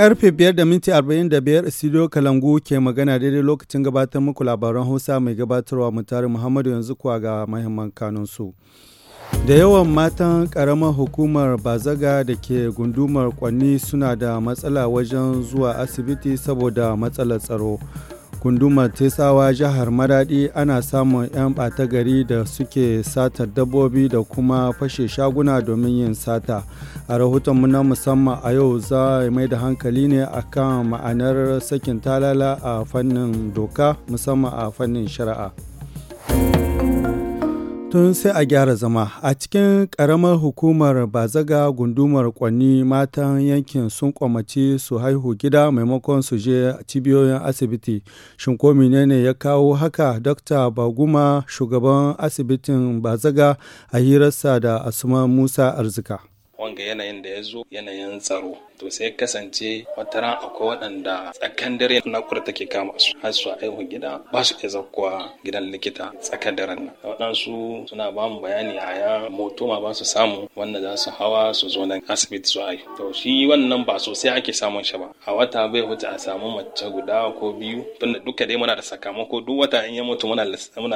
Karfe 5 da minti 45 studio Kalangu ke magana daidai lokacin gabatar muku labaran Hausa mai gabatarwa mutare Muhammadu yanzu kuwa ga mahimman kanunsu. Da yawan matan karamar hukumar Bazaga da ke gundumar Kwanni suna da matsala wajen zuwa asibiti saboda matsalar tsaro. gundumar tesawa jihar maradi ana samun 'yan ɓata gari da suke satar dabbobi da kuma fashe shaguna domin yin sata a rahotonmu na musamman a yau za mai da hankali ne akan ma'anar sakin talala a fannin doka musamman a fannin shari'a. Tun sai a gyara zama a cikin ƙaramar hukumar bazaga gundumar kwanni matan yankin sun kwamaci su haihu gida maimakon su je cibiyoyin asibiti. Shin ko ne ya kawo haka Dr. Baguma shugaban asibitin bazaga a hirarsa da Asuma Musa Arzika. Wanga yanayin da ya zo yanayin tsaro to sai kasance ran akwai waɗanda tsakan dare na kura take kama su har su aihu gida ba su iya zakkuwa gidan likita tsakan daren nan waɗansu suna ba mu bayani a ya moto ma ba su samu wanda za su hawa su zo nan asibiti su ayi to shi wannan ba sosai ake samun shi ba a wata bai huta a samu mace guda ko biyu tunda duka dai muna da sakamako duk wata in ya mutu muna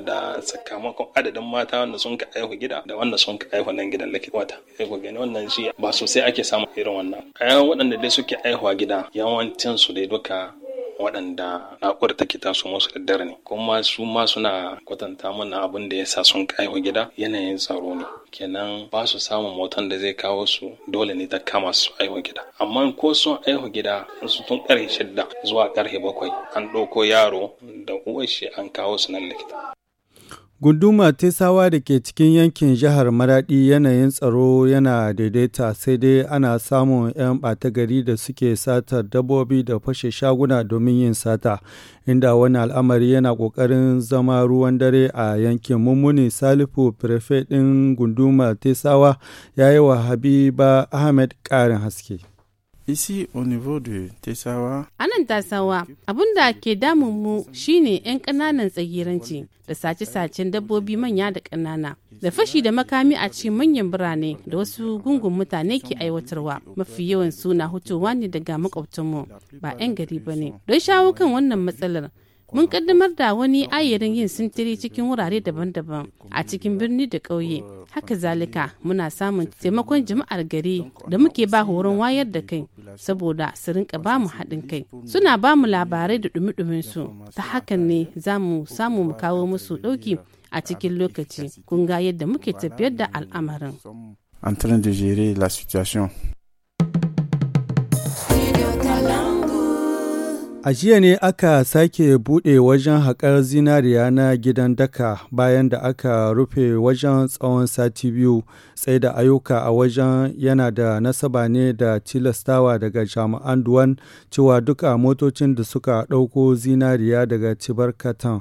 da sakamakon adadin mata wanda sun ka aihu gida da wanda sun ka aihu nan gidan likita wata aihu gani wannan shi ba sosai ake samun irin wannan waɗanda dai suke aihuwa gida yawancin su dai duka waɗanda na'urar ta taso musu da dare ne kuma su ma suna kwatanta mana abin da ya yasa sun kaiwa gida yanayin tsaro ne kenan ba su samun motan da zai kawo su dole ne ta kama su aiwa gida amma ko sun aiwa gida su tun karhe shidda zuwa karhe bakwai an ɗauko yaro da uwar shi an kawo su nan likita Gundumar Tesawa da ke cikin yankin jihar Maraɗi yanayin tsaro yana daidaita sai dai ana samun 'yan ɓata-gari da suke satar dabbobi da fashe shaguna domin yin sata, inda wani al'amari yana ƙoƙarin zama ruwan dare a yankin mummuni Salifu Firfe ɗin gunduma Tesawa ya yi wa Habiba Ahmed ƙarin haske. Ici, au niveau de Tesawa. Anan Tasawa, abun da ke damun mu shine 'yan ƙananan tsagiranci da sace-sacen dabbobi manya da ƙanana. Da fashi da makami a cikin manyan birane da wasu gungun mutane ke aiwatarwa mafi yawan suna hutuwa ne daga makwabtanmu ba 'yan gari ba ne. Don shawo kan wannan matsalar, mun kaddamar da wani ayyarin yin sintiri cikin wurare daban-daban a cikin birni da ƙauye haka zalika muna samun taimakon jama'ar gari da muke ba horon wayar da kai saboda su rinka ba mu haɗin kai suna ba mu labarai da ɗumi su ta hakan ne za mu samu mu kawo musu ɗauki a cikin lokaci kunga yadda muke tafiyar da al'amarin. A jiya ne aka sake buɗe wajen haƙar zinariya na gidan daka bayan da aka rufe wajen tsawon sati biyu sai da ayyuka a wajen yana da nasaba ne da tilastawa daga jami'an duwan cewa duka motocin da suka ɗauko zinariya daga cibarkatan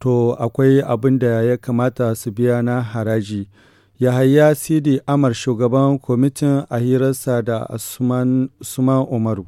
to akwai abin da ya kamata su biya na haraji. Yahaya Sidi Amar shugaban kwamitin a hirarsa da Usman Umaru.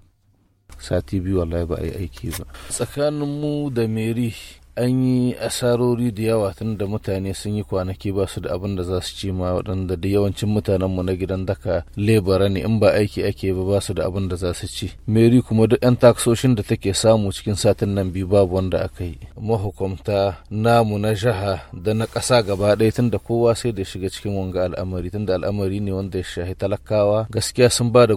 sati biyu wallahi ba a yi aiki ba tsakanin mu da meri an yi asarori da yawa tun da mutane sun yi kwanaki ba su da abin da za su ci ma waɗanda da yawancin mu na gidan daka lebara ne in ba aiki ake ba ba su da abin da za su ci meri kuma duk 'yan taksoshin da take samu cikin satin nan biyu babu wanda aka yi mahukumta namu na jiha da na ƙasa gaba ɗaya tun da kowa sai da shiga cikin wanga al'amari tun da al'amari ne wanda ya shahi talakawa gaskiya sun ba da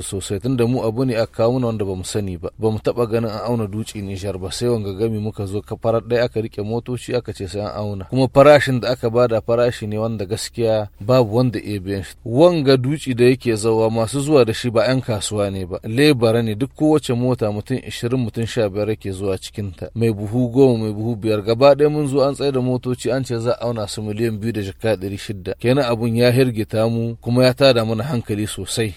sosai tun da mu abu ne a kawo wanda ba mu sani ba ba mu taɓa ganin an auna dutse nijar ba sai wanga gami muka zo fara. farar ɗaya aka rike motoci aka ce sai an auna kuma farashin da aka bada farashi ne wanda gaskiya babu wanda iya biyan shi wanga duci da yake zawa masu zuwa da shi ba 'yan kasuwa ne ba lebara ne duk kowace mota mutum 20 mutum 15 yake zuwa cikin ta mai buhu goma mai buhu biyar gaba ɗaya mun zo an tsaye da motoci an ce za a auna su miliyan biyu da jaka ɗari shida kenan abun ya hirgita mu kuma ya tada mana hankali sosai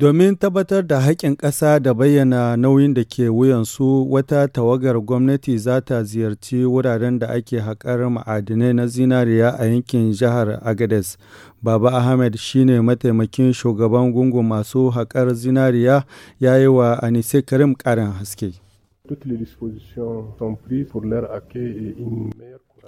Domin tabbatar da haƙƙin ƙasa da bayyana nauyin da ke wuyansu, wata tawagar gwamnati za ta ziyarci wuraren da ake haƙar ma'adinai na zinariya a yankin jihar Agades. Baba Ahmed shine mataimakin shugaban gungun masu haƙar zinariya ya yi wa Anise Karim ƙarin haske.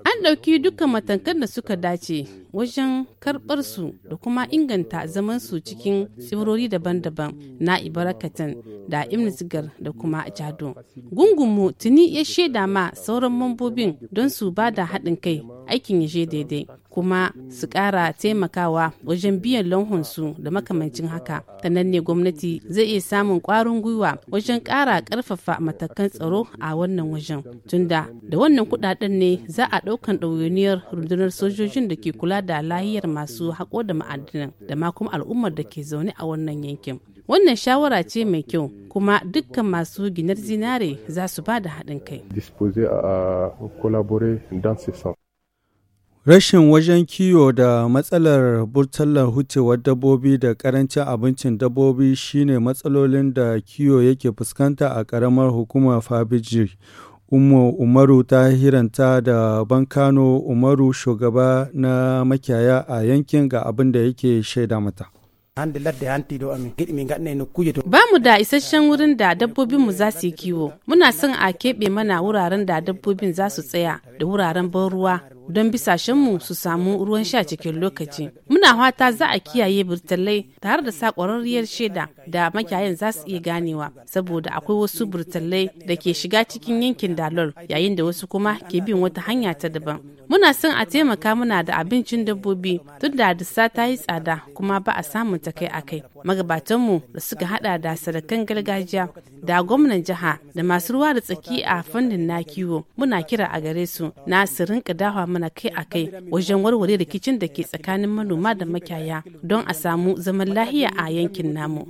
An ɗauki dukkan matakan da suka dace wajen karɓar su da kuma inganta zaman su cikin tsibirori daban-daban na Ibarakatan da Imnisgar da kuma Jado. Gungunmu tuni ya shaida ma sauran mambobin don su ba da haɗin kai aikin ya je daidai. kuma su ƙara taimakawa wajen biyan lonhonsu da makamancin haka ta nan ne gwamnati zai iya samun ƙwarin gwiwa wajen ƙara ƙarfafa matakan tsaro a wannan wajen tunda da wannan kudaden ne za a ɗaukan dauyoniyar rundunar sojojin da ke kula da lahiyar masu haƙo da ma'adinan da ma kuma al'ummar da ke zaune a wannan yankin wannan shawara ce mai kyau kuma dukkan masu ginar zinare za su ba da haɗin kai. Rashin wajen kiwo da matsalar burtsalar hutewar dabbobi da karancin abincin dabbobi shine matsalolin da kiwo yake fuskanta a ƙaramar hukumar Fabiji. Umu Umaru ta hiranta da Bankano Umaru shugaba na makiyaya a yankin ga abin da yake shaida mata. Ba mu da isasshen wurin da dabbobinmu za su yi kiwo. Muna son a keɓe mana wuraren da dabbobin za su tsaya Da wuraren ban ruwa don bisashenmu su samu ruwan sha cikin lokaci. Muna fata za a kiyaye burtalai tare da sa ƙwararriyar shaida da makiyayan za su iya ganewa saboda akwai wasu burtalai da ke shiga cikin yankin dalol yayin da wasu kuma ke bin wata hanya ta daban. Muna son a taimaka muna da abincin dabbobi tun da dissa ta yi tsada kuma ba a samun ta kai a kai. magabatanmu da suka hada da sadakan gargajiya da gwamnan jiha da masu ruwa da tsaki a fannin na kiwo muna kira a gare su na su rinka dawa mana kai a kai wajen warware rikicin da ke tsakanin manoma da makiyaya don a samu zaman lahiya a yankin namu.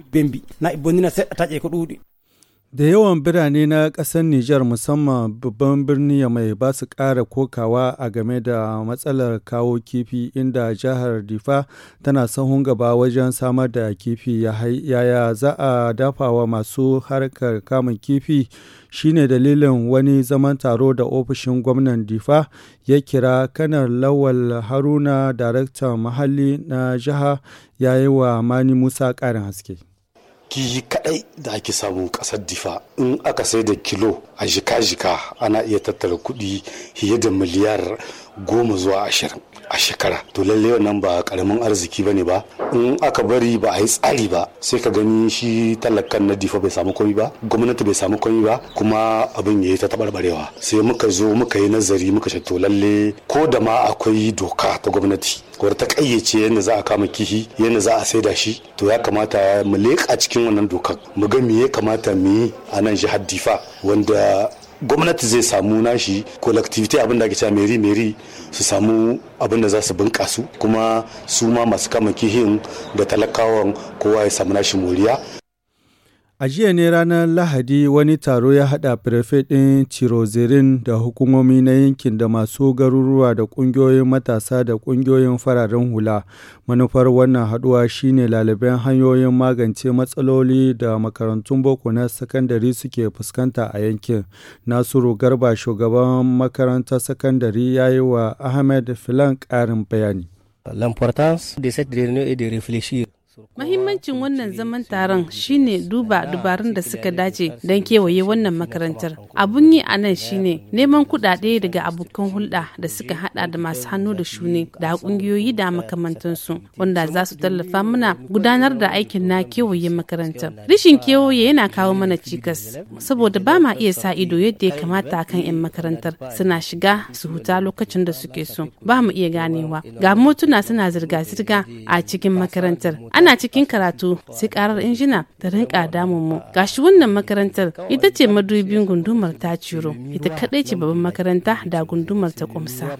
Da yawan birane na ƙasar Nijar musamman babban birni mai ba su ƙara kokawa a game da matsalar kawo kifi inda jihar Difa tana sahun gaba wajen samar da kifi yaya za a dafawa masu harkar kamun kifi shine dalilin wani zaman taro da ofishin gwamnan Difa ya kira kanar Lawal Haruna daraktan mahalli na jiha ya yi wa Mani Musa ƙarin haske. kishi kadai da ake samu kasar difa in aka sai da kilo a jika-jika ana iya tattara kudi fiye da miliyar goma zuwa ashirin a shekara to lalle wannan ba karamin arziki bane ba in aka bari ba a yi tsari ba sai ka gani shi talakan na difa bai samu komi ba gwamnati bai samu komi ba kuma abin ya yi ta tabarbarewa sai muka zo muka yi nazari muka ce to lalle ko da ma akwai doka ta gwamnati wadda ta kayyace yadda za a kama kihi yadda za a saida shi to ya kamata mu leƙa cikin wannan dokar mu ga me ya kamata mu yi a nan jihar difa wanda gwamnati zai samu nashi collectivity abin da ake cewa meri meri su samu abin da za su bunkasu kuma su ma masu kama kihin da talakawan kowa ya samu nashi moriya A jiya ne ranar Lahadi wani taro ya haɗa firfe ɗin Cirozirin da hukumomi na yankin da masu garuruwa da ƙungiyoyin matasa da ƙungiyoyin fararen hula. Manufar wannan haɗuwa shine laliban hanyoyin magance matsaloli da makarantun boko na sakandare suke fuskanta a yankin. Nasiru Garba shugaban makarantar sakandare ya yi wa Ahmed Filan ƙarin bayani. L'importance de cette réunion est de réfléchir Mahimmancin wannan zaman taron shine duba dubarun da suka dace don kewaye wannan makarantar. Abun yi a nan shine neman kudade daga abokan hulɗa da suka hada da masu hannu da shuni da ƙungiyoyi da makamantansu wanda za su tallafa mana gudanar da aikin na kewaye makarantar. Rishin kewaye yana kawo mana cikas saboda ba ma iya sa ido yadda ya kamata akan 'yan makarantar suna shiga su huta lokacin da suke so ba mu iya ganewa ga motuna suna zirga-zirga a cikin makarantar ana muna cikin karatu sai karar injina ta rinka damun mu gashi wannan makarantar ita ce madubin gundumar ta ciro ita kadai ce babban makaranta da gundumar ta kumsa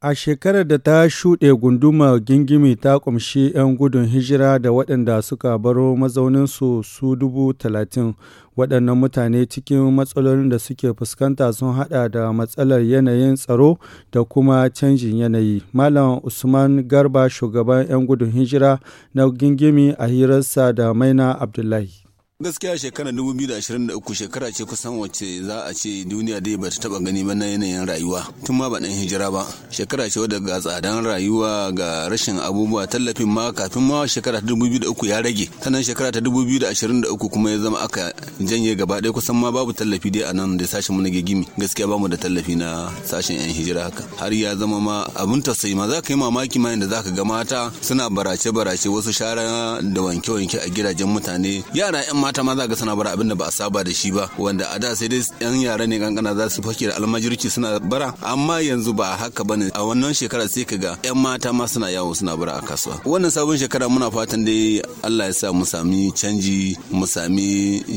A shekarar da ta shuɗe gundumar Gingimi ta ƙumshi 'yan gudun hijira da waɗanda suka baro mazauninsu su dubu talatin. Waɗannan mutane cikin matsalolin da suke fuskanta sun haɗa da matsalar yanayin tsaro da kuma canjin yanayi. Malam Usman Garba shugaban 'yan gudun hijira na Gingimi a hirarsa da Maina Abdullahi. gaskiya shekarar 2023 shekara ce kusan wace za a ce duniya dai bata taba gani ba na yanayin rayuwa tun ma ba dan hijira ba shekara ce wadda ga tsadan rayuwa ga rashin abubuwa tallafin ma kafin ma shekara 2003 ya rage sannan shekara ta 2023 kuma ya zama aka janye gaba ɗaya kusan ma babu tallafi dai a nan da sashen mu na gigimi gaskiya bamu da tallafi na sashen yan hijira haka har ya zama ma abun tausayi ma za ka yi mamaki ma yadda za ka ga mata suna barace barace wasu shara da wanke wanke a gidajen mutane yara yan mata ma za ga suna bara abin ba a saba da shi ba wanda a da sai dai yan yare ne kankana za su fake da almajirci suna bara amma yanzu ba haka bane a wannan shekara sai ka ga yan mata ma suna yawo suna bara a kasuwa wannan sabon shekara muna fatan dai Allah ya sa mu sami canji mu sami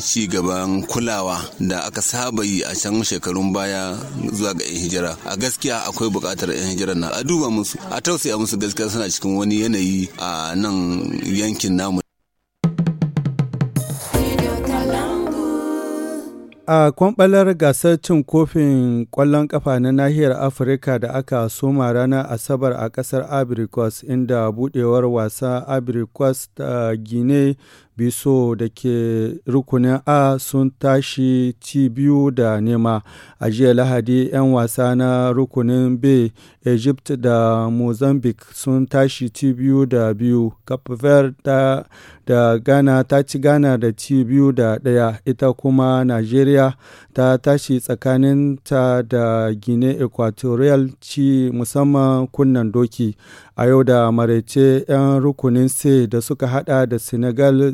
ci gaban kulawa da aka saba yi a can shekarun baya zuwa ga yan hijira a gaskiya akwai buƙatar yan hijira na a duba musu a tausaya musu gaskiya suna cikin wani yanayi a nan yankin namu A kwamɓalar gasar cin kofin ƙwallon ƙafa na nahiyar Afirka da aka soma ranar Asabar a ƙasar Abirikos, inda buɗewar wasa Abirikos ta Gine biso da ke rukunin a sun tashi ci biyu da nema a jiya lahadi 'yan wasa na rukunin b egypt da mozambique sun tashi ci biyu da biyu cape verde da ghana ta ci ghana da ci biyu da daya ita kuma nigeria ta tashi tsakaninta da gine equatorial ci musamman kunnan doki a yau da maraice 'yan rukunin c da suka hada da senegal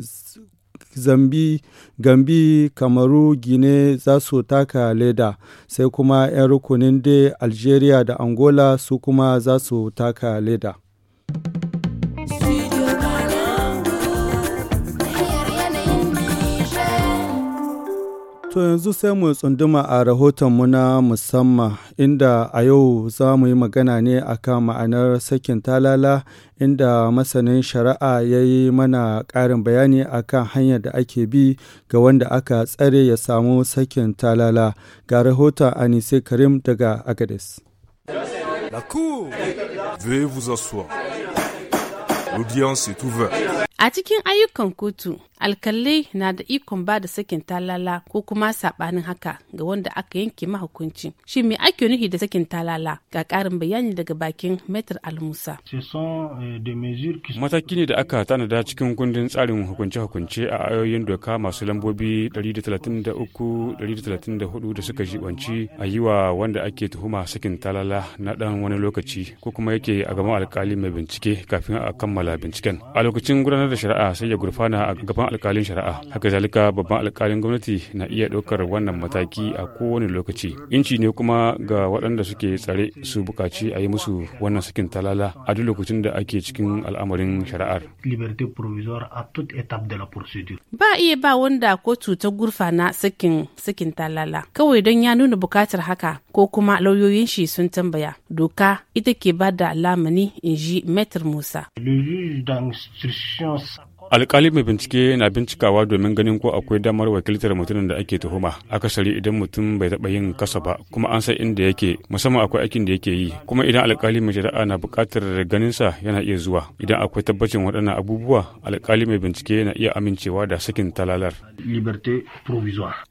zambi gambi kamaru gine za su taka leda sai kuma 'yan rukunin da algeria da angola su kuma za su taka leda To yanzu sai mu tsunduma a rahotonmu na musamman inda a yau za mu yi magana ne akan ma'anar sakin talala inda masanin shari'a ya yi mana ƙarin bayani akan hanyar da ake bi ga wanda aka tsare ya samu sakin talala ga rahoton Anise Karim daga Agades. A cikin ayyukan kotu, alkalai na da ikon ba da sakin talala ko kuma saɓanin haka ga wanda aka yanke mahukunci. Shi me ake nufi da sakin talala ga ƙarin bayani daga bakin Metar Almusa. Eh, Mataki ne da aka tanada cikin kundin tsarin hukunce-hukunce a ayoyin doka masu lambobi 133 134 da suka jibanci a yi wa wanda ake tuhuma sakin talala na ɗan wani lokaci ko kuma yake a gaban alkali mai bincike kafin a kammala binciken. A lokacin gudanar gudanar da shari'a sai ya gurfana a gaban alkalin shari'a haka zalika babban alkalin gwamnati na iya ɗaukar wannan mataki a kowane lokaci inci ne kuma ga waɗanda suke tsare su buƙaci a yi musu wannan sakin talala a duk lokacin da ake cikin al'amarin shari'ar ba iya ba wanda kotu ta gurfana sakin sakin talala kawai don ya nuna buƙatar haka ko kuma lauyoyin shi sun tambaya doka ita ke ba da lamani in ji metr musa alƙalin mai bincike na bincikawa domin ganin ko akwai damar wakiltar mutumin da ake tuhuma akasari idan mutum bai taɓa yin kasa ba kuma an san inda yake musamman akwai aikin da yake yi kuma idan alkali mai shari'a na buƙatar ganin sa yana iya zuwa idan akwai tabbacin waɗannan abubuwa alkali mai bincike na iya amincewa da sakin talalar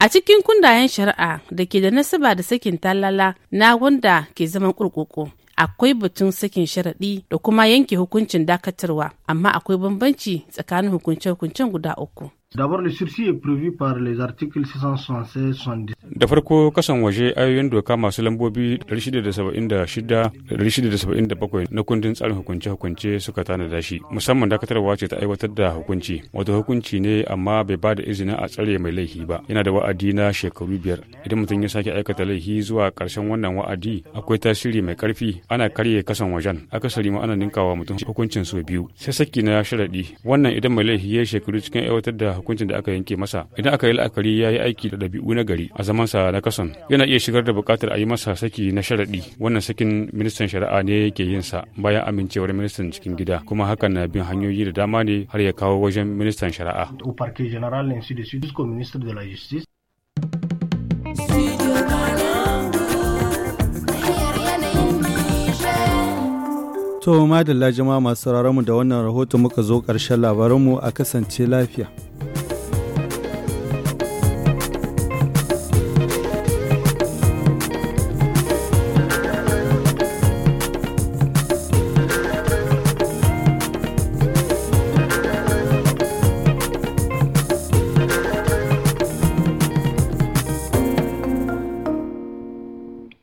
a cikin kundayen shari'a da ke da nasaba da sakin talala na wanda ke zaman kurkuku akwai batun sakin sharaɗi da kuma yanke hukuncin dakatarwa amma akwai bambanci tsakanin hukunce-hukuncen guda uku. D'abord, le sursis est prévu par les articles 676 70 Da farko kasan waje ayoyin doka masu lambobi 676-677 na kundin tsarin hukunce-hukunce suka tanada shi, musamman dakatarwa ce ta aiwatar da hukunci. Wato hukunci ne amma bai ba da izini a tsare mai laifi ba. Yana da wa'adi na shekaru biyar. Idan mutum ya sake aikata laifi zuwa ƙarshen wannan wa'adi, akwai tasiri mai ƙarfi ana karye kasan wajen. Akasari ma ana ninkawa mutum hukuncin sau biyu. Sai saki na sharaɗi. Wannan idan mai laifi ya shekaru cikin aiwatar da hukuncin da aka yanke masa idan aka yi la'akari ya yi aiki da ɗabi'u na gari a zamansa na kason yana iya shigar da buƙatar a yi masa saki na sharaɗi wannan sakin ministan shari'a ne yake yin sa bayan amincewar ministan cikin gida kuma hakan na bin hanyoyi da dama ne har ya kawo wajen ministan shari'a. To madalla jama'a masu mu da wannan rahoton muka zo ƙarshen labaranmu a kasance lafiya.